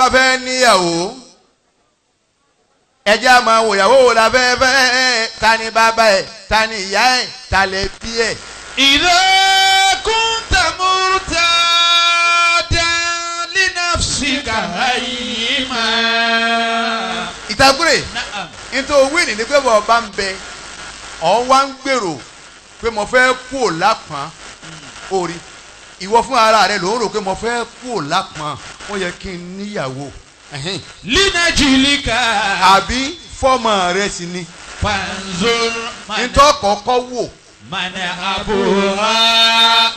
bá fẹ́ níyàwó ẹjẹ́ a máa wò ìyàwó wò la fẹ́ fẹ́ ta ni bàbá ẹ̀ ta ni ìyá ẹ̀ ta lè bí ẹ̀. ìlẹ́kùn tàmúrúta dán línàfṣìkà yìí máa. ìtàgùrè nítorí owó ènìyàn pé bọ̀ bá ń bẹ ọ̀hún wá ń gbèrò pé mo fẹ́ kú ò lápá orí. Hmm ìwọ fún ara rẹ ló ń rò pé mo fẹ́ kú lápọn ó yẹ kí n níyàwó. lina jìlíkà. àbí fọ́mọ rẹ sì ni. panzor mana. ntọ́ kọ́kọ́ wò. mana abuha.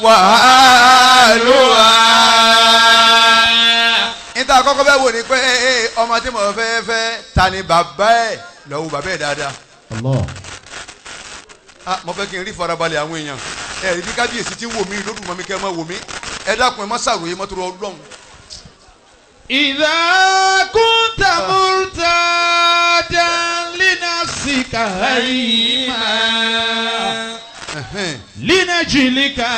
wàhálùwà. níta kọ́kọ́ bẹ́ẹ̀ wò ni pé ọmọ tí mo fẹ́ fẹ́ ta ni bàbá ẹ̀ lọ́wọ́ bàbá ẹ̀ dáadáa. Allah. ah mo fẹ́ kí n rí farabalẹ̀ àwọn èèyàn ẹ ibi kábíyèsí ti ń wò mí lódùn mọ́ mi kẹ́ ẹ mọ́ wò mí ẹ dákun ẹ má ṣàròyé mọ́ tó lọ lọ́hùn. ìdá kúntà múrtà dán lina síkà ìmà lina jìlíkà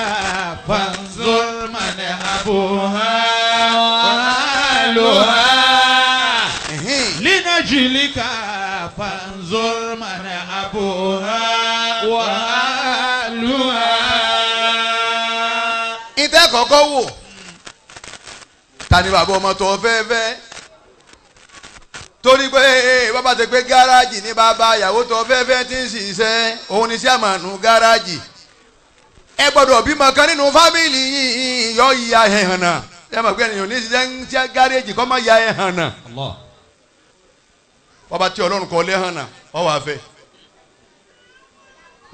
fanzolmane abuha aloha lina jìlíkà fanzolmane abuha wa aloha kọ́kọ́ wò ta ni bàbá ọmọ tó fẹ́ fẹ́ torí pé eh, bàbá ti pé gáràjì ní bàbá ìyàwó tó fẹ́ fẹ́ ti ń ṣiṣẹ́ òun ni sí àmànù gáràjì ẹ gbọ́dọ̀ bímọ kan nínú fámìlì yìí yọ ìyá ẹ̀ hàn náà ẹ mọ̀ pé ènìyàn ní ṣiṣẹ́ ń ṣe gáràjì kọ́ mọ̀ ìyá ẹ̀ hàn náà bàbá tí ọlọ́run kọ́ lé hàn náà ọ wà fẹ́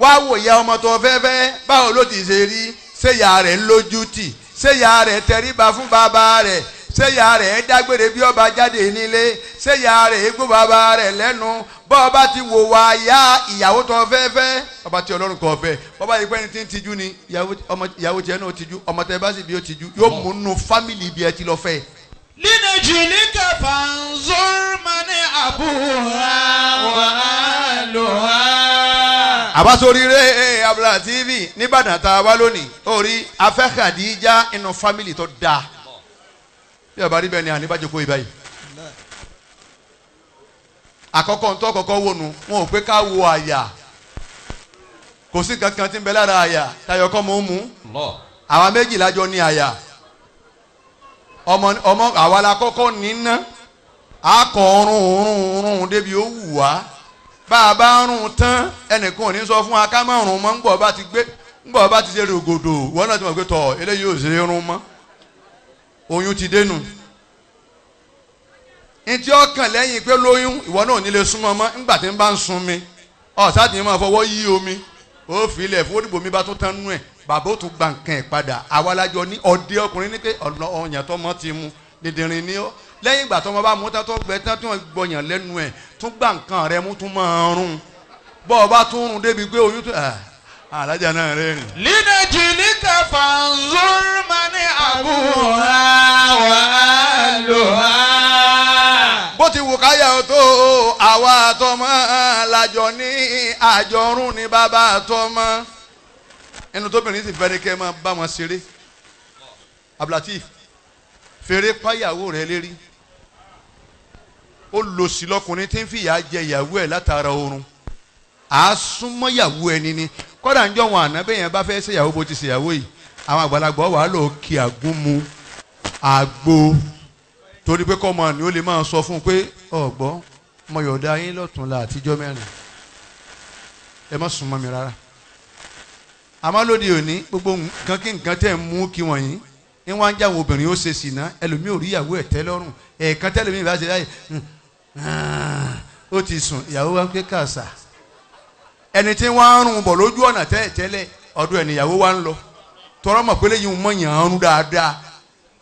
wá wò ìyá ọmọ tó fẹ́ fẹ́ báwo ló ti ṣe rí ṣéyà rẹ̀ lójú tì ṣéyà rẹ̀ tẹríba fún bàbá rẹ̀ ṣéyà rẹ̀ dágbére bí ọba jáde nílé ṣéyà rẹ̀ gbó bàbá rẹ̀ lẹ́nu bọ́ ọba ti wò wá ya ìyàwó tó fẹ́ fẹ́ ọba tí ọlọ́run kọ̀ fẹ́ bọ́ba yìí pẹ́ni tí ń tijú ni ìyàwó tiẹ̀ náà tijú ọmọ tẹ bá sì bí ó tijú yóò mú nù fámìlì bí ẹ ti lọ fẹ́ nínú jìlíkà fanzur mani abuha wa aluha àbásoríire Abla TV nìbàdàn tá a wá lónìí orí afẹ́ Khadija inú fámìlì tó dáa bí ọba rí bẹ́ẹ̀ ni àníbàjọkọ ìbáyìí àkọ́kọ́ ntọ́ kọ́kọ́ wọnú wọn ò pé ká wo àyà kò sí kankan tí ń bẹ lára àyà tayọ kọ́ mọ̀ ń mú àwa méjìlá jọ ní àyà ọmọ ọmọ àwa la kọ́kọ́ níná akọ̀ ọ̀run ọ̀run ọ̀run débi ó wù wá bá a bá rún tán ẹnìkan ò ní sọ fún wa ká má rún mọ́ ńgbọ̀ bá ti gbé ńgbọ̀ bá ti ṣe rògòdò wọ́n náà ti mọ̀ pé tọ̀ eléyìí ò ṣe rún mọ́ oyún ti dénú ntí ọkàn lẹ́yìn pé lóyún ìwọ náà ò ní lè súnmọ́ mọ́ ńgbà tí ń bá ń sun mi ọ̀sá ti máa fọwọ́ yí omi ó fi ilẹ̀ fún onígbòmí bá tún tán nú ẹ̀ bàbá ó tún gba nǹkan ẹ̀ padà àwa lájọ ní ọdẹ ọkùnrin ní pé ọ̀nà ọ̀yàn tó mọ́ ti mu dìndìnrín ní lẹ́yìn ìgbà tọmọ bá mú tán tó gbẹ tán tó gbọyàn lẹ́nu ẹ̀ tó gbà nǹkan rẹ mú tó máa rún bọ́ ọ bá tún rún débi pé oyún tó ah, alájà náà rẹ rìn. lílẹ̀ jì ní kàfà ńlọ́rùmá ní àbúrò wa lò wá. bó ti wù káyà tó àwa àtọmọ làjọ ní àjọrún ní bàbá àtọmọ ẹnu tóbìnrin sì fẹ́ kẹ́ máa bá wọn ṣeré Abdulateef fèrè páyàwó rẹ lérí ó lò sí lọkùnrin tí ń fìyà jẹ ìyàwó ẹ̀ látara oorun àásùnmọ́ ìyàwó ẹni ni kódà ń jọ wọn ànábẹ́ yẹn bá fẹ́ ṣèyàwó bó ti ṣèyàwó yìí àwọn àgbàlagbà wàá lò kí àgún mu àgbo torí pé kọ́mọ ni ó lè máa sọ fún un pé ọ̀gbọ́n mo yọ̀ọ̀dá yín lọ́tún la àtijọ́ mẹ́rin ẹ má sùn mọ́ mi rárá àmọ́ lóde òní gbogbo nǹkan kí nǹkan tẹ̀ ń mú kí wọ̀nyí ní wọ́n á jáwọ́ obìnrin ó ṣe sì ná ẹlòmíì ò rí ìyàwó ẹ̀ tẹ́lọ́rùn ẹ̀ẹ̀kan tẹ́lòmíì bá ṣe láyè Ah, ó ti sùn ìyàwó wa ń ké kàṣà ẹni tí wọ́n á rún bọ̀ lójú ọ̀nà tẹ́lẹ̀tẹ́lẹ̀ ọ̀dọ̀ ẹ̀ níyàwó wa ń lọ tọrọ mọ̀ pé lẹ́yìn mọ̀ yàn án rún dáadáa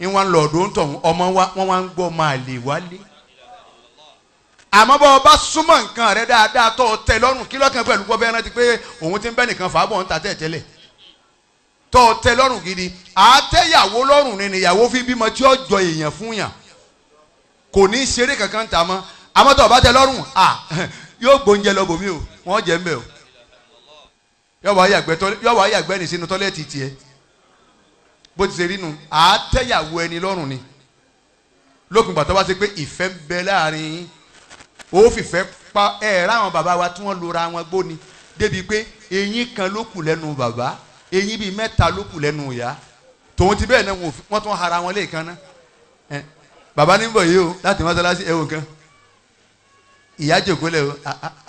ìwọ̀n lọ ọ̀dọ̀ tọ̀hún ọmọ wa wọ́n wá ń gbọ́ máa lè wálé àmọ́ bá ọba súnmọ́ nǹkan rẹ dáadáa tó tẹ lọ́rùn kí lọ́kàn pẹ̀lú gbọ́ bẹ́ẹ̀ rántí pé òun ti ń bẹ́ nìkan fàábọ̀ ń ta tẹ lọ́rùn gidi lọ́rùn ni ní ṣeré kankan ta àmọ́ tó bá tẹ́ lọ́rùn à yóò gbóúnjẹ lọ bòmí o wọ́n jẹ́ mbẹ́ o yọ wá yàgbẹ́ ní sínú tọ́lẹ́ẹ̀tì tiẹ̀ bó ti ṣe rí nu àátẹ́yàwó ẹni lọ́rùn ni lókun gbàtọ́ bá ṣe pé ìfẹ́ ń bẹ láàrin yín fìfẹ́ pa ẹ̀ ráwọn bàbá wa tí wọ́n lora wọn gbóni débi pé eyín kan ló kù lẹ́nu bàbá eyín bíi mẹ́ta ló kù lẹ́nu ìyá tòun ti bẹ́ẹ̀ náà wọ́n tún hara wọn lẹ́ẹ̀kan náà bàbá ní yìí o láti mọ́ṣáláṣí ẹ̀wọ̀n kan ìyá jòkólẹ̀ o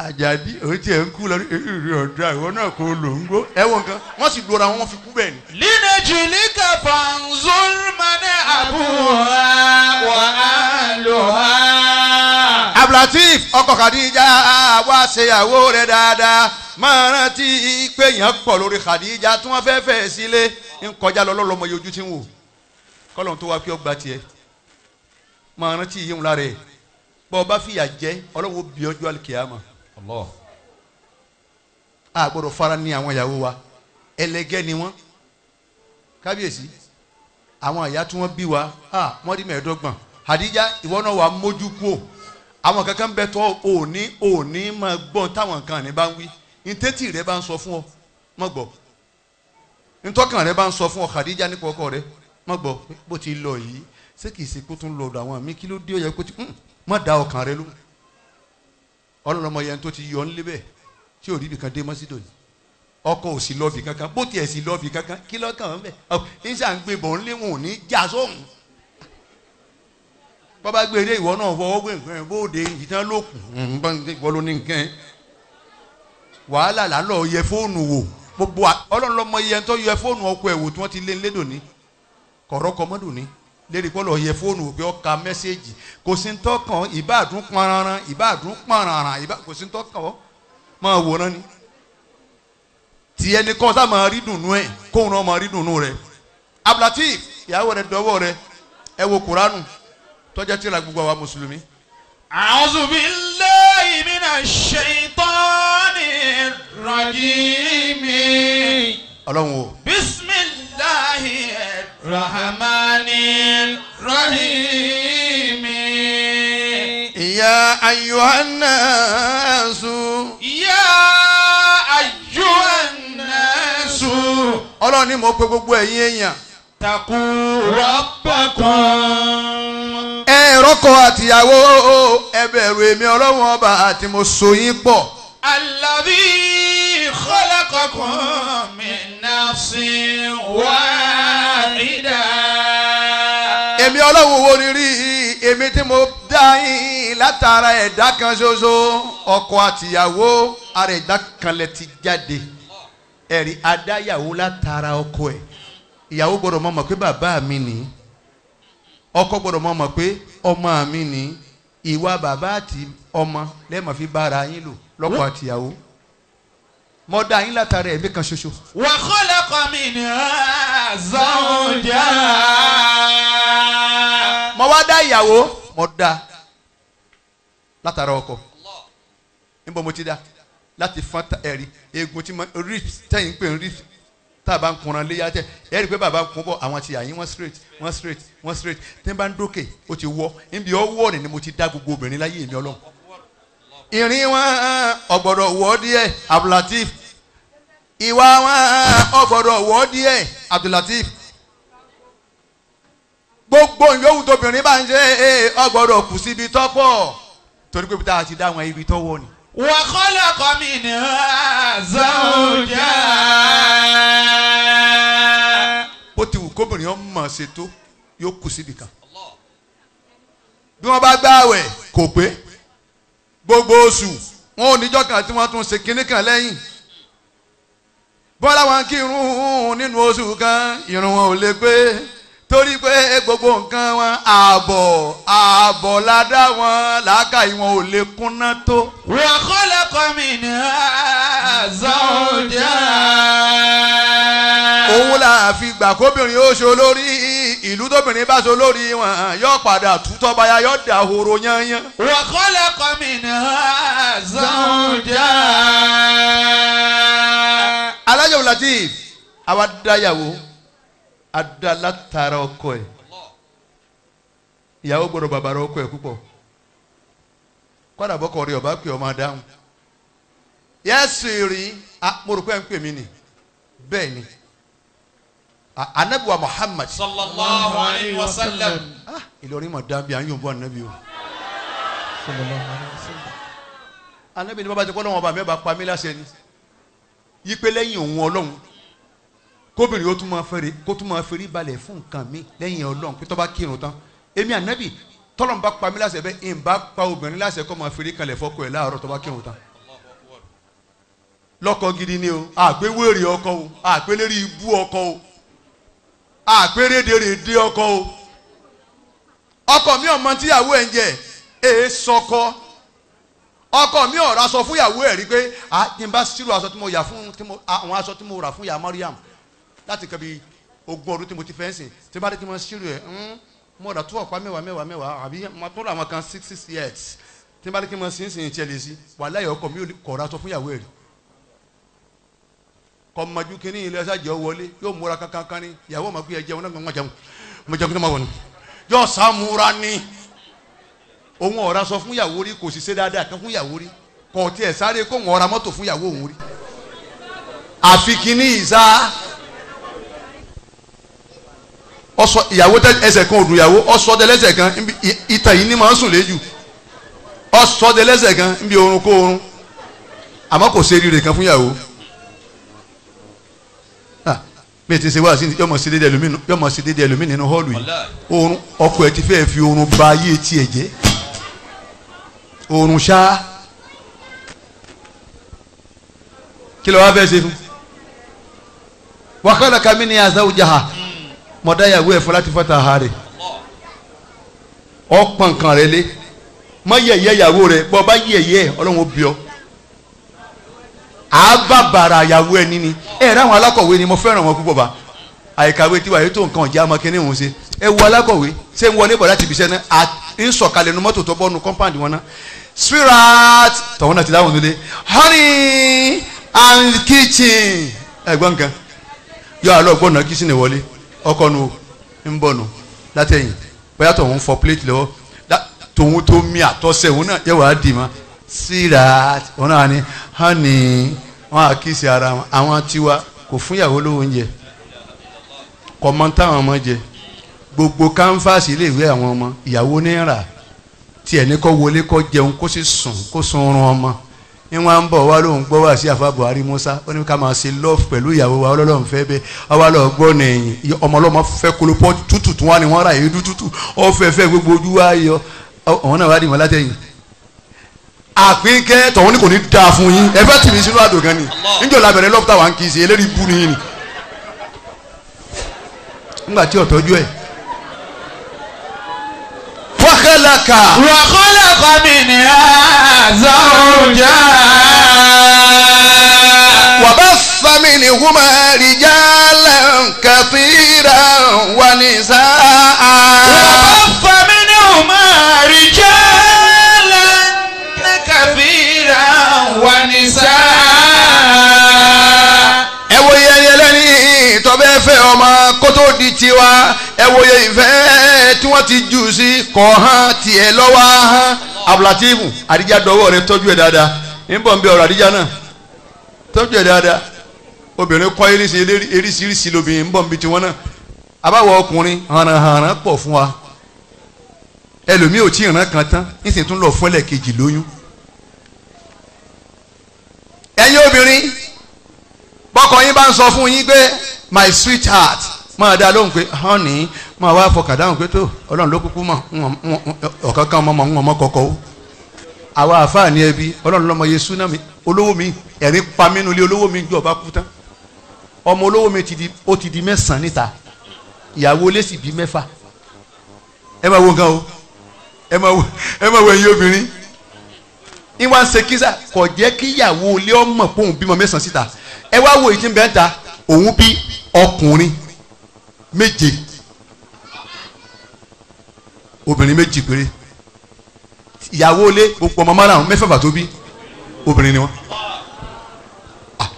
àjàdí òun tiẹ̀ ń kú lọ́dún èrè ọ̀dọ́ àwọn náà kò lò ń gbó ẹ̀wọ̀n nǹkan wọ́n sì lora wọn fi kú bẹ́ẹ̀ ni. lílẹ̀ jìlí kẹfà ń zulmane wa lò wá. abdulateef ọkọ Khadija wá ṣèyàwó rẹ̀ dáadáa máa rántí pé èèyàn pọ̀ lórí Khadija tí wọ́n fẹ́ẹ́ fẹ́ẹ́ sílé ń kọjá lọ lọ́lọ́mọ yójú tí ń wò kọ́lọ́n tó wá kí ọ gbà tiẹ̀ máa rántí yíyún lára ẹ̀ bọ́ ọ bá fìyà jẹ́ ọlọ́wọ́ bí ọjọ́ alikiyama Allah a gbọ́dọ̀ fara ní àwọn ìyàwó wa ẹlẹgẹ́ ni wọ́n kábíyèsí àwọn ìyá tí wọ́n bí wa a wọ́n di mẹ́ẹ̀ẹ́dọ́gbọ̀n Hadija ìwọ náà wà mójú kú o àwọn kankan bẹ tọ́ òní òní máa gbọ́n táwọn kan ní bá ń wí ntẹ́tì rẹ bá ń sọ fún ọ mọ́ gbọ́ ntọ́kàn rẹ bá ń sọ fún ọ Hadija nípa ọkọ rẹ mọ́ gbọ́ bó ti lọ yìí ṣé kìí ṣe kó tún lọ ọ̀dọ̀ àwọn mi kí ló dé ó kó ti hmm má da ọkàn rẹ ló ọlọ́lọ́mọ yẹn tó ti yọ ńlé bẹ́ẹ̀ tí ò rí ibìkan dé mọ́sídò ni ọkọ ò sì lọ́ọ̀bì kankan bó tiẹ̀ sì lọ́ọ̀bì kankan kí lọ́kàn ń bẹ̀ ní sàǹgbé bọ̀ ńlé wọn ò ní já sóhun bọ́bá gbére ìwọ náà fọwọ́ gbé nǹkan ẹ̀ bóde ìtàn ló kù ìwọ ló ní nǹkan ẹ̀ wàhálà là ń lọ yẹ fóònù wò gbogbo ọlọ́run lọ́mọ yẹn tó yẹ fóònù ọkọ ẹ̀ wò tí wọ́n ti lé ńlẹ́dọ̀ ní kọ̀rọ̀kọ̀ mọ́dọ̀ ní lérí pọ́lọ̀ yẹ fóònù òbí ọ̀ka mẹ́sẹ́ẹ̀jì kò sí tọkàn ìbáàdún pọnranran ìbáàdún pọnranran kò sí tọkàn ọ́ máa wòran ni tiẹ̀ ní kọ́ sá máa rí dùnú ẹ̀ kóun náà máa rí dùnú rẹ̀ Abdulatif ìyàwó rẹ̀ dọ́wọ́ rẹ̀ ẹ wo kuranu tọ́jà tí ra gbogbo àwa mùsùlùmí. A'udhu billahi minash shaitani rajim. ọlọ́run o rahmanir rahim. ya ayyuhan nasu. ya ayyuhan nasu. ọlọ́run ni mo pe gbogbo ẹ̀yin èèyàn. takú rabbakum. ẹ rọ́kọ àtìyàwó ẹ èmi ọlọ́run ọba àti mo so yín pọ̀. alladhi khalaqakum min nafsin wá. ọlọ́run wo ni rí èmi tí mo dá yín látara ẹ̀dá kan ṣoṣo ọkọ àtìyàwó ara ẹ̀dá kan lẹ ti jáde ẹ̀rí adáyàwó látara ọkọ ẹ̀ ìyàwó gbọ́dọ̀ mọ̀ mọ̀ pé bàbá mi ni ọkọ gbọ́dọ̀ mọ̀ mọ̀ pé ọmọ mi ni ìwà bàbá àti ọmọ lẹ́ẹ̀mọ̀ fi bára yín lò lọ́kọ àtìyàwó mo dá yín látara ẹ̀mí kan ṣoṣo. wa khalaqa minha zawjaha. wá dá ìyàwó mo dá látara ọkọ níbo mo ti dá láti fọn ẹ̀rí eegun tí rips pé rips tá a bá ń kunran léyà tẹ ẹ rí àwọn ti àyín wọn straight wọn straight wọn straight n bá ń dókè ó ti wọ́ níbi ni mo ti dá gbogbo obìnrin láyé mi gbogbo ìyóhùn tóbìnrin bá ń ṣe ọgbọ́dọ̀ eh, eh, kù síbi tọ́pọ̀ torí pé tá a ti dá wọn ibi tọ́wọ́ ni. wa khalaqa minha zawjaha. bó ti wù kóbìnrin ó mọ̀ ṣe tó yóò kù síbi kan. bí wọ́n bá gbààwẹ̀ kò pé gbogbo oṣù wọn ò níjọ́ kan tí wọ́n tún ṣe kinní kan lẹ́yìn bọ́lá wọn kí nínú oṣù kan irun wọn ò lè pé torí pé gbogbo nǹkan wọn ààbọ̀ ààbọ̀ la dá wọn làákàyè wọn ò lè kúnná tó. wa khalaqa minha zawjaha. òun là fi gbà kóbìnrin ó ṣe ìlú tóbìnrin bá ṣe wọn yóò padà tútọ́ báyà yóò dà horo yányán. wa khalaqa minha zawjaha. alájọ̀wò latif àwa dáyàwó adala tara ọkọ ẹ̀ ìyàwó gbọ́dọ̀ bàbàrà ọkọ ẹ̀ púpọ̀ kọ́dà bọ́kọ̀ rí ọba pé ọmọ adáhùn yẹ́sù rí amúrúkọ́ ẹ̀ ń pè mí ni bẹ́ẹ̀ ni anabiwa Muhammad sallallahu alayhi wa sallam Ìlọrin ma dábìá ń yòǹbọ anabi o anabi ni bàbá ti kọ́ lọ́wọ́ ọba mi bá pa mí láṣẹ ni pé lẹ́yìn òun ọlọ́run kóbìnrin ó tún máa fẹ́rẹ̀ kó tún máa fẹ́rẹ̀ balẹ̀ fún nǹkan mi lẹ́yìn ọlọ́run pé tó bá kírun tán èmi ànábì tọ́lọ́n bá pa mí láṣẹ bẹ́ẹ̀ ẹ̀ ń bá pa obìnrin láṣẹ kó máa fẹ́rẹ̀ kalẹ̀ fọ́kọ ẹ̀ láàárọ̀ tó bá kírun tán. lọ́kọ gidi ni o àgbéwèrè ọkọ o àgbélérí ibú ọkọ o àgbérédèrèdè ọkọ o ọkọ mi ọmọ tíyàwó ẹ̀ ń jẹ èé sọkọ ọkọ mi ọ̀rọ̀ aṣọ fúnyàwó ẹ̀ rí pé àti bá sírò aṣọ tí mo yà fún àwọn aṣọ tí mo rà fún yà Mariam láti kan bíi ogún ọdún tí mo ti fẹ́ sìn tí bá dé tí mo ń ṣírò ẹ̀ ń hmm, mo rà tó ọ̀pá mẹ́wàá mẹ́wàá mẹ́wàá àbí mo tó ra àwọn kan six six years tí bá dé tí mo ń sìn sìn tiẹ̀ lè sí wàhálà ọkọ mi kọ̀ ra sọ fún ìyàwó ẹ̀ rí kọ́mọdún kínní ilé ẹ̀sà jẹ́ wọlé yóò múra kankan kan ní ìyàwó ọmọ kú yẹ jẹun náà mo jẹun mo jẹun kí ló máa wọ̀ nù yóò sá ọsọ ìyàwó ẹsẹ̀ kan òdùn ìyàwó ọsọ dẹlẹ́sẹ̀ kan ìtàn yìí ni màá sùn léjù ọsọ dẹlẹ́sẹ̀ kan níbi orun kó orun àmọ́ kò ṣe rírè kan fún ìyàwó bí ah, ti ṣe wá sí yọmọ sí dédé ẹlòmínú yọmọ sí dédé ẹlòmínú nínú họ́ọ̀lù yìí oorun ọkọ ẹ ti fẹ́ fi oorun ba ayé tiẹ̀ jẹ́ oorun ṣá kí ló wá fẹ́ ṣe fún wàhálà kàmí ni azawujaha mọ̀dáyàwó ẹ̀fọ́ láti fọ́ta ha rẹ̀ ọ̀pọ̀n kan rẹ̀ lé mọ yẹ̀yẹ́ ìyàwó rẹ̀ bọ́ bá yẹ̀yẹ́ ọlọ́run ó bí ọ. àbàbàrà ìyàwó ẹni ni ẹ ráwọn alákọ̀wé ni mo fẹ́ràn wọn púpọ̀ bá àìkàwé tiwa yìí tó nǹkan ọ̀já ọmọ kínní òun ṣe ẹ wo alákọ̀wé ṣé ń wọlé bọ̀ láti ibiṣẹ́ náà ń sọ̀kalẹ̀ nu mọ́tò tó bọ́ nu kọ́ńpáàdì wọn náà sweetheart tọ̀hún náà ti dáhùn nílé honey and kitchen ẹ̀gbọ́n nǹkan yọ àlọ́ gbọ́nà kitchen wọlé ọkọ nu ń bọ̀ nu látẹ̀yìn bóyá tòun fọ plate lọ́wọ́ tòun tó mi àtọ́sẹ̀ òun náà yẹ wàá dì mọ́ síra òun náà ni hàn ní wọn àkíyèsí ara wọn àwọn tiwa kò fún ìyàwó lówó oúnjẹ kọ̀mọ́ táwọn ọmọ jẹ gbogbo kánfàsì iléèwé àwọn ọmọ ìyàwó ní rà tiẹ̀ ní kọ́ wọlé kọ́ jẹun kó sì sùn kó sun oorun ọmọ ní wọn ń bọ̀ wá lóun gbọ́ wá sí àfa Buhari Musa ó ní ká máa ṣe love pẹ̀lú ìyàwó wa ọlọ́run fẹ́ bẹ́ẹ̀ àwa lọ gbọ́ nìyí ọmọ ọlọ́mọ fẹ́ kolopọ́ tútù tí wọ́n ní wọ́n ra èédú tútù ọ̀fẹ́ fẹ́ gbogbo ojú wa yọ ọ̀hún náà wá dì wọ́n látẹ̀yìn. àpínkẹ́ tọ̀hún ni kò ní dáa fún yín ẹ fẹ́ tì sínú àdó gan ni níjọ́ labẹ̀rẹ̀ lọ́pútà خلق وخلق منها زوجا وبث منهما رجالا كثيرا ونساء fẹ́ ọmọ kó tó di tiwa ẹ wòye ìfẹ́ tí wọ́n ti jù sí kọ̀ hàn tiẹ̀ lọ́wọ́ hàn abulatibu àdìjá dọwọ́ rẹ tọ́jú ẹ̀ dáadáa níbọ̀ nbẹ ọ̀rọ̀ àdìjá náà tọ́jú ẹ̀ dáadáa obìnrin kọ́ eríṣiríṣi lóbìnrin níbọ̀ nbí tiwọn náà abáwọ̀ ọkùnrin hànàhànà pọ̀ fún wa ẹlòmíì ò tí ì ràn kan tán nísìnyí tún lọ fún ẹlẹ́ẹ̀kejì lóyún ẹ̀yin obìnrin bọ́kọ yín bá ń sọ fún yín pé my sweetheart máa dá lóhùn pé honey máa wá fọkàn dáhùn pé tó ọlọ́run ló kúkú mọ̀ ọ̀kan kan mọ̀ ń ọmọ kọ̀ọ̀kọ̀ o àwa àfààní ẹbí ọlọ́run lọ́mọ yé súná mi olówó mi ẹ̀rín pa mínú ilé olówó mi ju ọba kú tán ọmọ olówó mi ó ti di mẹ́sàn-án níta ìyàwó lẹ́sì bí mẹ́fà ẹ máa wo nǹkan o ẹ máa wo ẹ máa wo ẹ̀yin obìnrin ìwà ń ṣe kíza kò jẹ́ kíyàwó ilé ọmọ pòun bímọ mẹ́sàn-án síta ẹ wá wo ìdí bẹ́ẹ̀ ta òun bí ọkùnrin méje obìnrin méjì péré ìyàwó ilé gbogbo ọmọ márùn mẹ́fẹ̀fà tó bí obìnrin ni wọn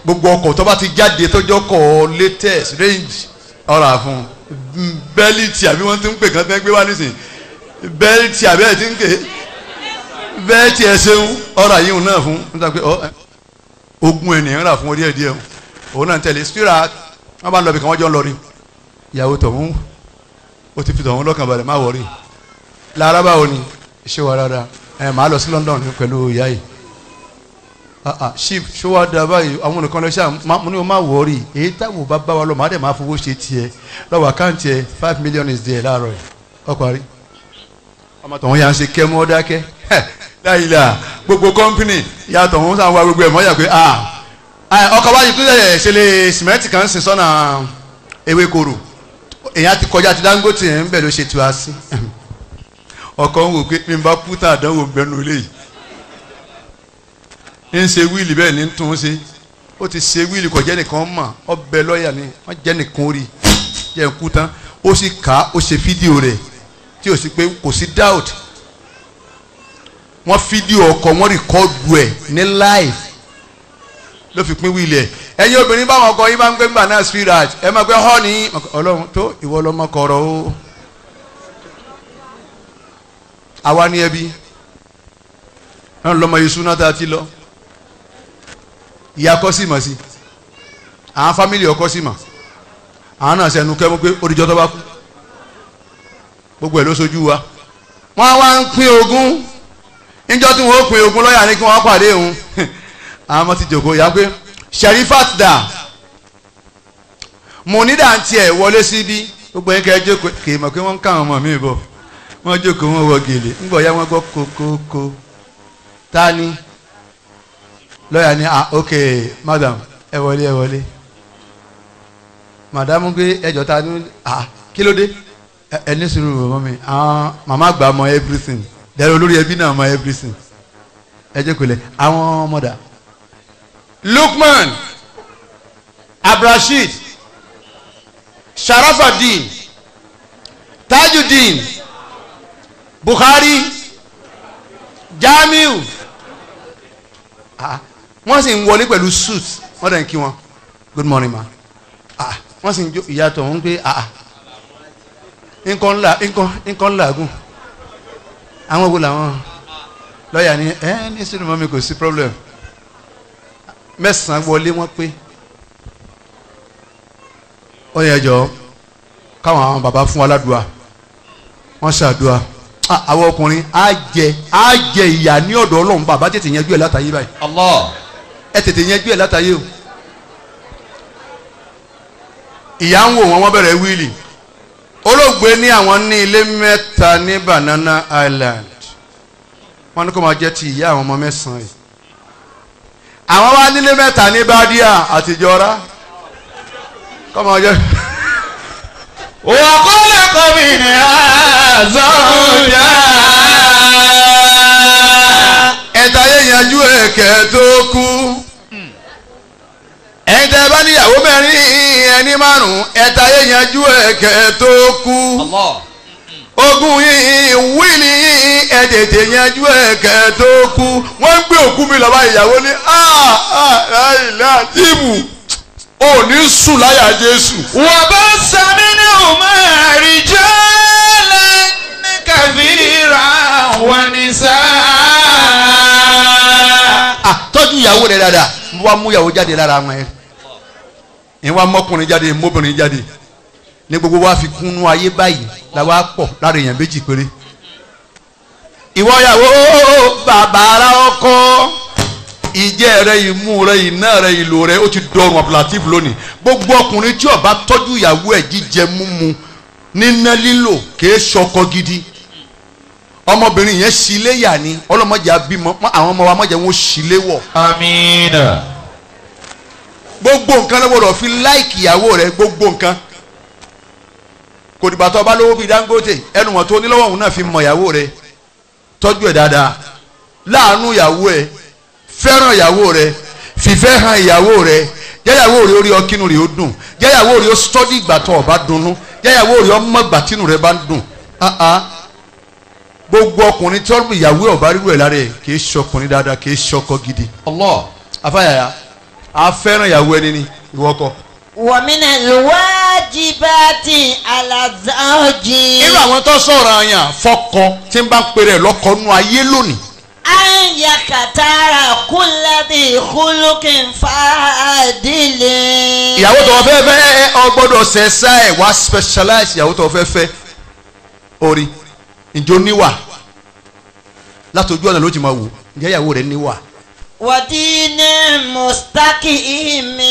gbogbo ọkọ̀ tó bá ti jáde tọ́jọ́ kọ̀ latest range ọ̀rọ̀ àfún bẹ́líìtì àbí wọ́n ti ń pè kán tẹ́ gbé wá nísìnyí bẹ́líìtì àbí ẹ̀ ti ń ké bẹ́líìtì ẹ̀ ṣeun ọ̀rọ̀ àyíwò náà fún ogun ẹ̀ nìyẹn rà fún orí ẹ̀ díẹ̀ òun náà tẹ̀lé spira wọ́n bá ń lọ bí kan wọ́n jọ ń lọ rí ìyàwó tọ̀hún ó ti fi tọ̀hún lọ́kàn balẹ̀ má wọ̀rí lára báwo ni ṣé wà rárá ẹ màá lọ sí London pẹ̀lú ìyá yìí ṣíp ṣó wàá da báyìí àwọn nìkan lọ ṣáà mo ní o má wọ̀rí èyí táwọn bá bá wa lọ màá dẹ̀ máa fowó ṣe tiẹ̀ lọ́wọ́ àkáǹtì ẹ̀ five million is there láàárọ̀ yìí ó parí ọmọ tọ̀hún yà ń ṣe kẹ́ mọ́ dákẹ́ láyìí là gbogbo company. yà tọ̀hún sàn wá gbogbo ẹ̀ mọ́ yà ọkọ̀ wáyé kúlẹ̀ ṣẹlẹ̀ sìmẹ́ntì kan sì sọ́nà ewé koro èyàn ti kọjá ti Dangote yẹn ń bẹ̀ ló ṣe tiwa sí ọkọ̀ ń wò pé mi bá pútà àdánwò gbẹnu léyìí ń ṣe wíìlì bẹ́ẹ̀ ní tún ṣe ó ti ṣe wíìlì kò jẹ́ nìkan mọ̀ ọbẹ̀ lọ́ọ̀yà ni wọ́n jẹ́ rí jẹ́ nkú tán ó sì kà á ó ṣe fídíò rẹ̀ tí ó sì pé kò sí doubt wọ́n fídíò ọkọ̀ wọ́n rìkọ́ọ̀dù ẹ̀ ní live ló fi pín wíìlì ẹ̀ ẹ̀yin obìnrin báwọn ọkọ yín máa ń gbé ńgbà náà spirit ẹ máa gbé họ́ ní ọlọ́run tó ìwọ lọ́mọ o àwa ní ẹbí náà lọ́mọ yìí súná tá a ti lọ ìyá kọ́ sí mọ̀ sí àwọn ọkọ sí àwọn náà kẹ́ pé oríjọ́ tó bá kú gbogbo ẹ̀ ló sojú wa wọ́n wá ń pín ogún níjọ́ tí wọ́n ó pín àwọn ọmọ ti jòkó ìyá pé Sherifat dà mo ní dàǹtí ẹ̀ wọlé síbí gbogbo yín kẹ́ ẹ jókòó kì í mọ̀ pé wọ́n ń ká àwọn ọmọ mi bọ̀ wọ́n jókòó wọ́n wọ gèlè ńgbọ̀ ya wọ́n gbọ́ kókókó ta ni lọ́ọ̀yà ni ah ok madam ẹ wọlé ẹ wọlé madam gbé ẹjọ́ ta ni ah kí ló dé ẹ ní sùúrù mọ́ mi àwọn màmá àgbà mọ everything dẹ̀rẹ̀ olórí ẹbí náà mọ everything ẹ jókòó lẹ̀ àwọn ọmọdà. Lukman Abrashid Sharafadin Tajudin Bukhari Jamiu ah, wọ́n sì ń wọlé pẹ̀lú suit wọ́n dẹ̀ ń kí wọn good morning ma ah, wọ́n sì ń jó ìyàtọ̀ wọn pé ah, nǹkan ńlá nǹkan ńláàgùn àwọn wo làwọn lọ́ọ̀yà ni ẹ ní sínú mọ́mi kò sí problem mẹ́sàn-án wọlé wọ́n pé ó yẹ jọ káwọn àwọn bàbá fún wa ládùúà wọ́n ṣàdùà ah, àwọn ọkùnrin á jẹ á jẹ ìyà ní ọ̀dọ̀ ọlọ́run bàbá tètè yanjú ẹ̀ látàyè báyìí Allah ẹ tètè yanjú ẹ̀ látàyè o ìyá ń wò wọ́n wọ́n bẹ̀rẹ̀ wíìlì olóògbé ní àwọn ní ilé mẹ́ta ní Banana Island wọ́n ní kó máa jẹ́ ti ìyá àwọn ọmọ mẹ́sàn-án yìí àwọn wá nílé mẹ́ta ní bádíà àtijọ́ra kọ́mọ jẹ́. wọ́kọ́lẹ̀ kọ́mi ni àzọ́jà. ẹ̀ntàyé yanjú ẹ̀kẹ́ tó kú. ẹ̀ntà bá níyàwó mẹ́rin ẹni márùn-ún ogun yìí wíìlì yìí ẹ tètè yanjú ẹ kẹ tó kú wọ́n ń gbé òkú mi lọ́wọ́ ìyàwó ní àìlá tìmù ò ní sùn láyà Jésù. wọ́n bá sami ní òmàrí jọ́lá ní kàfíìrà wọn ní sáà. tọ́jú ìyàwó rẹ̀ dáadáa wọ́n á mú ìyàwó jáde lára wọn ẹ̀ ẹ̀ wọ́n á mọ́kùnrin jáde mọ́bìnrin jáde ní gbogbo wa fi kúnnú ayé báyìí la wá pọ̀ lára èèyàn méjì péré ìwọ yàwó bàbára ọkọ ìjẹ rẹ ìmú rẹ iná rẹ ìlò rẹ ó ti dọrùn ablative lónìí gbogbo ọkùnrin tí ó bá tọ́jú ìyàwó ẹ̀ jíjẹ múmu níná lílò kìí ṣọkọ gidi ọmọbìnrin yẹn ṣílé yà ni ọlọmọdé abímọ àwọn ọmọ wa mọdé wọn ṣílé wọ. àmín. gbogbo nǹkan lọ́wọ́ rẹ̀ fi láìkì ìyàwó rẹ̀ gbogbo nǹkan kò dìgbà tó bá lówó bíi Dangote ẹnu wọn tó onílọ́wọ́ òun náà fi mọ ìyàwó rẹ tọ́jú ẹ̀ dáadáa láàánú ìyàwó ẹ fẹ́ràn ìyàwó rẹ fìfẹ́ hàn ìyàwó rẹ jẹ́yàwó rẹ orí ọkínú rẹ ó dùn jẹ́yàwó rẹ ó sọ́dí ìgbà tó ọba dunnú jẹ́yàwó rẹ ọmọ ìgbà tínú rẹ bá ń dùn gbogbo ọkùnrin tí ọlọ́mọ ìyàwó ọba rírú ẹ̀ lára ẹ̀ kì í ṣọkùnrin dáadáa kì í ṣọkọ gidi Allah afáyàyà afẹ́ràn ìyàwó ẹni ni ìwọ́kọ̀ wọ̀mínà lùwájibáàtì alàzáòjì. irú àwọn tó sọ̀rọ̀ àyàn fọkọ tí ń bá ń pèrè lọ́kọ̀ọ́ nú ayé lónìí. àyà kàtàrà kúlẹ̀bì kúlùkì fàdílé. ìyàwó tó fẹ́ fẹ́ ọ gbọ́dọ̀ ṣẹ̀ṣá ẹ̀ wá specialize ìyàwó tó fẹ́ fẹ́ orí ìjọ níwà látọjú ọ̀nà ló ti máa wò ǹjẹ́ ìyàwó rẹ̀ níwà wàdínì mustaki mi.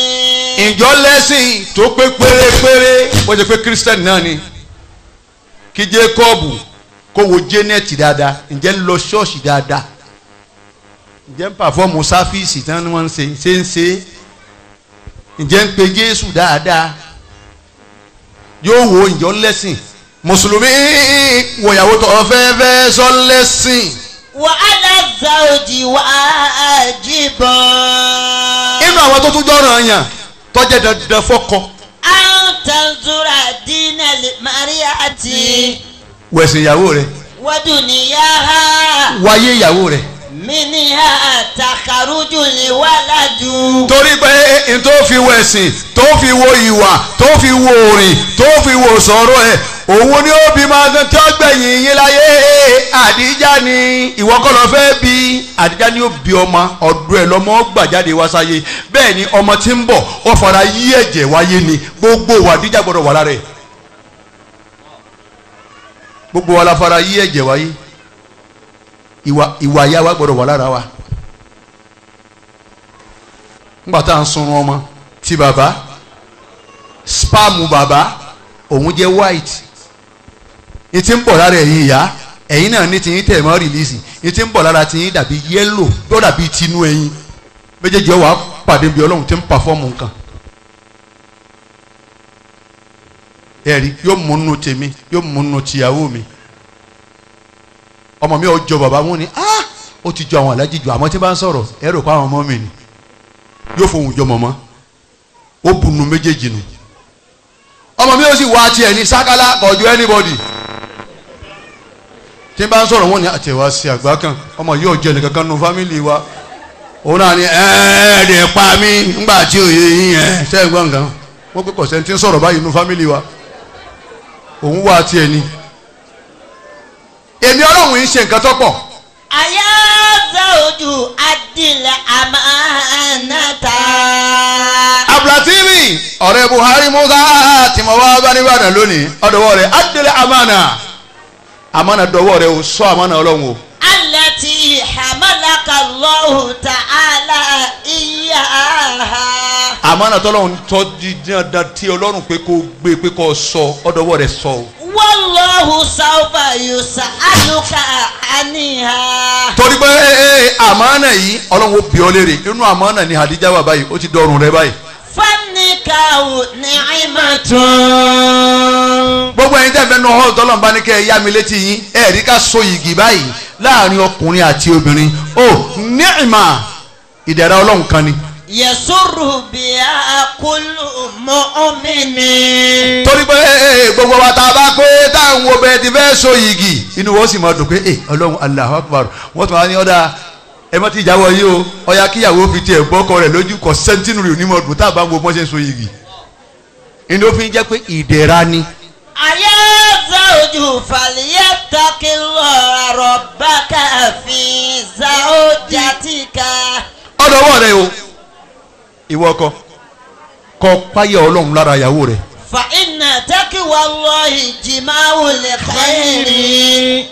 ìjọ lẹ́sìn tó pé pérépéré wọ́n jẹ́ pé kírísítẹ́nì náà ni kí Jacob kó wo Janet dáadáa ǹjẹ́ ń lọ ṣọ́ọ̀ṣì dáadáa ǹjẹ́ ń pàfọ́ọ̀mù sáfíìsì tán wọ́n ṣe ṣe ń ṣe ǹjẹ́ ń pe Jésù dáadáa yóò wo ìjọ lẹ́sìn mùsùlùmí wòyàwó tó fẹ́ fẹ́ sọ lẹ́sìn wà á dàgbà òjì wà á jìbọn. inú àwọn tó tún dọ́ràn yàn tó jẹ́ dandan fọ́kọ. àwọn tàǹtúrà dínà maria àti. wẹ̀sìn ìyàwó rẹ̀. wọ́dù níyàrá. wáyé ìyàwó rẹ̀. mi ní àtàkàrújù ni wàlàjú. torí pé eh, eh, n tó fi wẹ̀sìn tó fi wo ìwà tó fi wo òrìn tó fi wo sọ̀rọ̀ ẹ̀ òun ni ó bí máa gan tí ó gbẹ̀yìn yín láyé àdíjá ni ìwọ kọ́ lọ fẹ́ bí àdíjá ni ó bí ọmọ ọ̀dọ́ ẹ̀ lọ́mọ gbàjáde wá sáyé bẹ́ẹ̀ ni ọmọ tí ń bọ̀ ó fara yí ẹ̀jẹ̀ wáyé ni gbogbo wa àdíjá gbọ́dọ̀ wà lára ẹ̀ gbogbo wa la fara yí ẹ̀jẹ̀ wáyé ìwà ìwà ìyá wa gbọ́dọ̀ wà lára wa ńgbà tá à ń sunrun ọmọ ti bàbá spam bàbá òun jẹ́ white ní ti ń bọ̀ lára ẹ̀yin ìyá ẹ̀yin náà ní ti yín tẹ̀ mọ́ rìlíìsì ní ti ń bọ̀ lára ti yín dàbí yẹ́lò tó dàbí tinú ẹ̀yin méjèèjì ọ̀wá pàdé bí ọlọ́run ti ń pàfọ́ọ̀mù nǹkan ẹ̀rí yóò múnú tèmi yóò múnú tìyàwó mi ọmọ mi ò jọ bàbá wọn ni ah ó ti jọ àwọn alájí jù àmọ́ tí bá ń sọ̀rọ̀ ẹ rò pa àwọn ọmọ mi ni yóò fohùn jọ mọ̀mọ́ ó bùnú méjèèjì nù ọmọ mi ò sì wá tiẹ̀ ní sákálá kọjú anybody. tí bá ń sọ̀rọ̀ wọn ni àtẹ̀wá sí àgbà kan ọmọ yóò jẹ́ nìkan kan nu fámìlì wa òun náà ni ẹ̀ẹ́dẹ̀ pa mí ńgbà tí òye yín ẹ̀ sẹ́yìn gbọ̀ngàn wọ́n pẹ́ kọ̀sẹ́ tí ń sọ̀rọ̀ báyìí nu fámìlì wa òun wá tiẹ̀ ni èmi ọlọ́run ń ṣe nǹkan tó pọ̀. àyà bá ojú ọ̀rẹ́ Buhari Musa tí mo wá bá lónìí ọ̀dọ̀wọ́ rẹ̀ àmàlà. Amana dọwọ́ rẹ o sọ àmánà ọlọ́run o. allati hamalaka Allahu ta'ala iyyaha. àmánà tọ́lọ́run tọ́ di dandan tí ọlọ́run pé kó gbé pé kó sọ ọdọwọ́ rẹ sọ o. wallahu sawfa yus'aluka aniha. torí pé àmánà yìí ọlọ́run ó inú àmánà ni Hadija wà báyìí ó ti dọrùn rẹ báyìí. fẹ́mi nìkàwù ní ìmọ̀tún. gbogbo ẹ̀yin tẹ́ fẹ́ nu ọ̀hún tọ́lọ́mùbá ní kẹ́ ẹ yá mi létí yín ẹ̀ rí ká so yìgì báyìí láàrin ọkùnrin àti obìnrin ó ní ìmọ̀ ìdẹ̀ra ọlọ́run kan ni. yẹsùrù bí a kúlù mọ́ omi ni. torí pé eh, eh, gbogbo wa tá a bá pé táwọn obìnrin ti fẹ́ so yìgì inú wọn sì máa dùn pé eh, ọlọ́run Allahu Akbar wọ́n tún wá ní ọ̀dà ẹ mọ́ ti jáwọ́ yìí o ọ̀yà kíyàwó fi tiẹ̀ bọ́kọ rẹ̀ lójú kọ sẹ́ńtínú rẹ̀ onímọ̀ ọdún táàbà ń wo mọ́ṣẹ́ so yìí inú ó fi jẹ́ pé ìdẹ̀ra ni. ayé ẹ̀fọ́ ojú fàlíyé tọ́kí lọ́ra rọ̀bá káfí za ó jà tìka. ọ̀dọ̀ ọwọ́ rẹ o ìwọ ọkọ kọ páyà ọlọ́run lára ìyàwó rẹ. fa iná tẹ́kí wà lọ ìjìmáwò lè kọ́ ìrìn.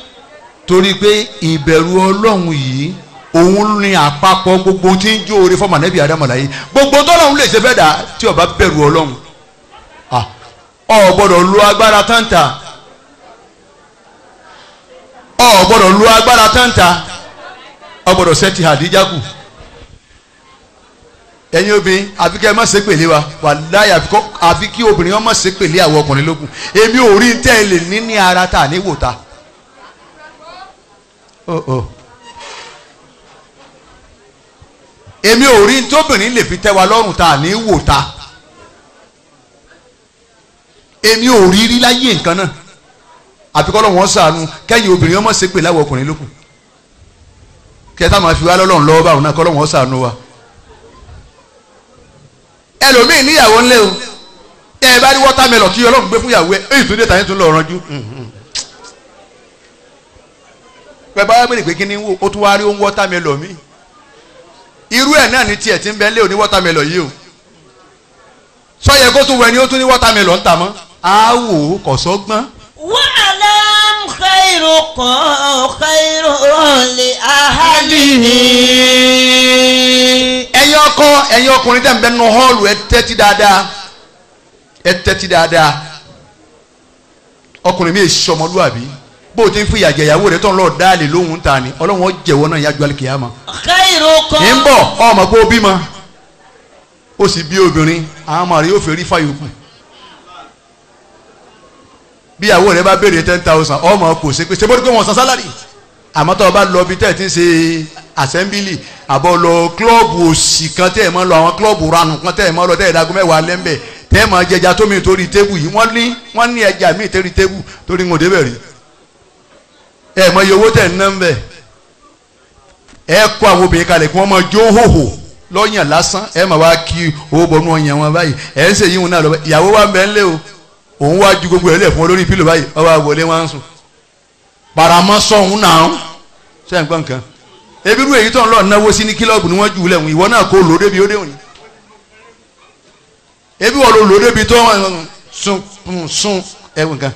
torí pé ìbẹ̀rù ọlọ́run yìí òun ni àpapọ̀ gbogbo tí ń jó oore fọmọ nẹ́bí adamu gbogbo tọ́lọ́run lè ṣe bẹ́ẹ̀ dà tí ó bẹ̀rù ọ gbọ́dọ̀ lu agbára táǹtà ọ gbọ́dọ̀ lu agbára ọ gbọ́dọ̀ sẹ́tì àdíjà ẹ̀yin obìnrin àfi kí ẹ má ṣe wa wàláyà àfi kí obìnrin wọn má ṣe pẹ̀lẹ́ àwọn ọkùnrin lókun èmi ò rí tẹ́ ara taa ní wòta. Oh, oh. èmi ò rí tóbìnrin lè fi tẹ́ wa lọ́rùn ta ní wò ta èmi ò rí rí láyé nǹkan náà àfikọ́ lọ́wọ́ sànù kẹ́yìn obìnrin ọmọ ṣépè láwọ ọkùnrin lókù kẹta máa fi wá lọ́lọ́run lọ́wọ́ báwọn náà kọ́ lọ́wọ́ sànù wa ẹlòmíì níyàwó ńlẹ́ o tẹ́ ẹ bá rí wọ́tàmẹ́lọ̀ tí ọlọ́run gbé fún ìyàwó ẹ èyí tó dé tàyẹ́ tó lọ rànjú pẹ̀lú báyọ̀ pé kí ni ó tún wá rí ó míì irú ẹ̀ náà ni tiẹ̀ ti ń bẹ lé òní wọ́tàmẹ́lọ̀ yìí o sọ yẹ kó tún wẹ ni ó tún ní wọ́tàmẹ́lọ̀ ń tà mọ́ á wò ó kọ̀ sọ́gbọ́n. wa'lam khayru khayru li ahlihi. ẹ̀yin ọkọ ẹ̀yin ọkùnrin tẹ̀ ń bẹ nínú họ́ọ̀lù ẹ tẹ́tí dáadáa ẹ tẹ́tí dáadáa ọkùnrin mi è ṣọmọlúwàbí bó o ti ń fi ìyàjẹ ìyàwó rẹ tó ń lọ dáàlì lóhùn ta ni ọlọ́run ó jẹ̀wọ́ náà yájú alìkìyà ma. káyìrò kan. ń bọ̀ ọmọ pé ó bímọ ó sì bí obìnrin àwọn ọmọ rẹ yóò fẹ́ rí fàyò pẹ̀. bí ìyàwó rẹ bá béèrè ten thousand ọmọ kò ṣe pé ṣe bóde pé wọ́n san sálárì àmọ́ tó o bá lọ bí tẹ́ ẹ ti ń ṣe assembly àbọ̀ lọ kílọ̀bù òsì kan tẹ́ ẹ mọ́ lọ àwọn kílọ̀bù ranù kan tẹ́ ẹ mọ́ lọ tẹ́ ẹ dagun mẹ́wàá lẹ́ńbẹ̀ tẹ́ ẹ mọ́ jẹjà tómi torí tébù yìí wọ́n ní wọ́n ní ẹja míì torí tébù torí ń gòdè bẹ̀rẹ̀ ẹ mọ iye owó tẹ̀ ń ná ń bẹ̀ ẹ kó àwọn obìnrin kalẹ̀ kí wọ́n mọ jó hòhò lọ́yàn lásán ẹ mà wá kí owó bọnú ọyàn wọn báyìí ẹ ń ṣèyí wọn náà lọ ìyàwó wa ń bẹ ńlẹ̀ o òun wá ju gbogbo ẹ̀ lẹ̀ fún olórí pílò báyìí ọba wọlé wọn sùn paramọ́ sọ̀hún náà sẹ́yìn gbọ́n kan ebi irú èyí tó ń lọ náwó sí ní kílọ̀bù ni wọ́n jù lẹ̀ wọ̀nyí ìwọ náà kó lò débi ó òní ebi wọ́n lò lò débi tó sùn sùn ẹ̀wọ̀n kan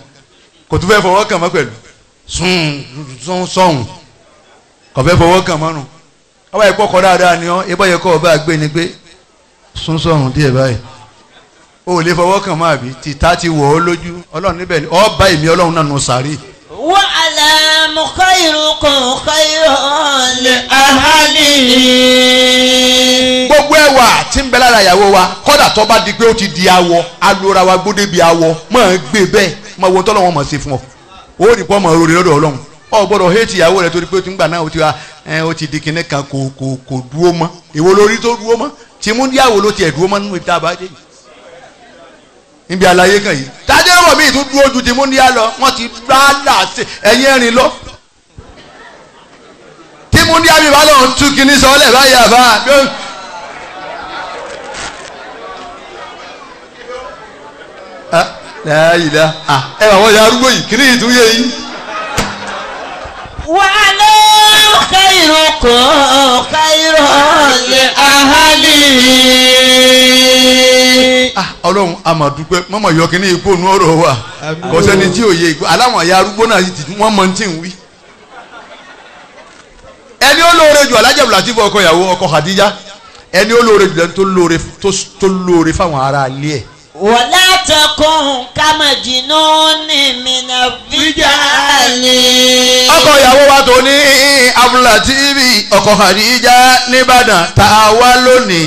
kò tún fẹ́ fọwọ́ kàn mọ́ pẹ̀lú sún sọ̀hún kọ̀fẹ́ fọwọ́ kàn mọ́nu ọba ìpọ́ kọ́ dáadáa ni ọ́ ìbọ̀ yẹ kọ́ ọba àgbẹ̀ ni pé sún sọ̀hún díẹ̀ báyìí o ò lè fọwọ́ kàn mọ́ àbí tìta ti wọ̀ ọ́ lójú ọlọ́run níbẹ̀ ni ọ́ bá èmi ọlọ́run náà nù sàárì. wà á là mú káyọ̀ kan káyọ̀ lè ahádì. gbogbo ẹwà tí ń bẹ lára ìyàwó wa kọ́dà tó bá di pé ó ti di awọ alóra wa gbódé awọ máa gbé bẹ́ẹ̀ máa wo tọ́lọ́wọ́n máa ṣe fún ọ ó rí pọ́ mọ̀ orí lọ́dọ̀ ọlọ́run ọ gbọ́dọ̀ hétí ìyàwó rẹ torí pé tí ń gbà náà ó ti wá ẹ ó ti di kinní kan kò kò kò dúró mọ́ èwo lórí tó dúró mọ́ tìmúndíàwó ló tiẹ̀ dúró mọ́ nínú ìta àbájẹ́ yìí níbi àlàyé kan yìí tájẹ́wọ̀ mi tún dúró ju tìmúndíà lọ wọ́n ti bá làásì ẹ̀yìn ẹ̀rìn lọ tìmúndíà mi bá lọ́n tún kinní sọ ọ́ lẹ̀ báyìí àbá láàyìlá ẹ àwọn ìyá arúgbó yìí kiri yìí tún yé yín. wà á lọ kẹ́rọ kan kẹ́rọ lè ahálì. Ah, ọlọ́run a máa dúpẹ́ mọ́mọ́ yọ kí ní ipò nú wa kò sẹ́ni tí ò yẹ ipò aláwọn ìyá arúgbó náà wọ́n mọ tí ń wí. ẹni ó lóore jù alájẹ̀bù láti fọ ọkọ ìyàwó ọkọ Khadija ẹni ó lóore jù lẹ́nu tó lóore fáwọn ará ilé ẹ̀ wọ́lá tẹkùn kámẹ́jìnú ní mina fíjàlì. ọkọ ìyàwó wa tó ní abdulatibi ọkọ Khadija nìbàdàn tá a wá lónìí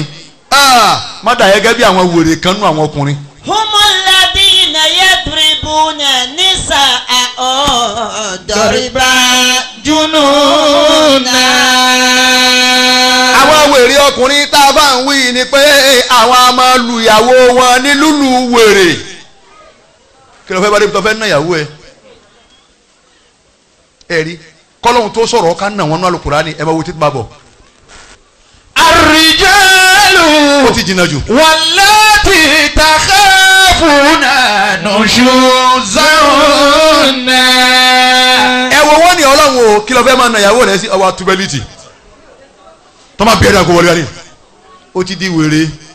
má dà gẹ́gẹ́ bí àwọn wèrè kan nú àwọn ọkùnrin. humuladi na yadribu na nisa aọ dọriba junu na wèrè ọkùnrin tá a bá ń wí ni pé àwọn a máa lu ìyàwó wọn ní lùlù wèrè kí ló fẹ́ bá dé tó fẹ́ ná ìyàwó ẹ ẹ rí kọ́lọ́hún tó sọ̀rọ̀ ká nà wọn ní Al-Kùránì ẹ máa wo títí bá bọ̀. àrìjẹ́lù ó ti jìnnà jù. wọ́n láti takhafuna nushuzahunna. ẹ wo wọ́n ní ọlọ́run o kí ló fẹ́ máa nà ìyàwó rẹ̀ sí ọwọ́ àtúbẹ́lìtì tọ́ ma bẹ̀rẹ̀ àgọ́ wọlé wálé ó ti di wèrè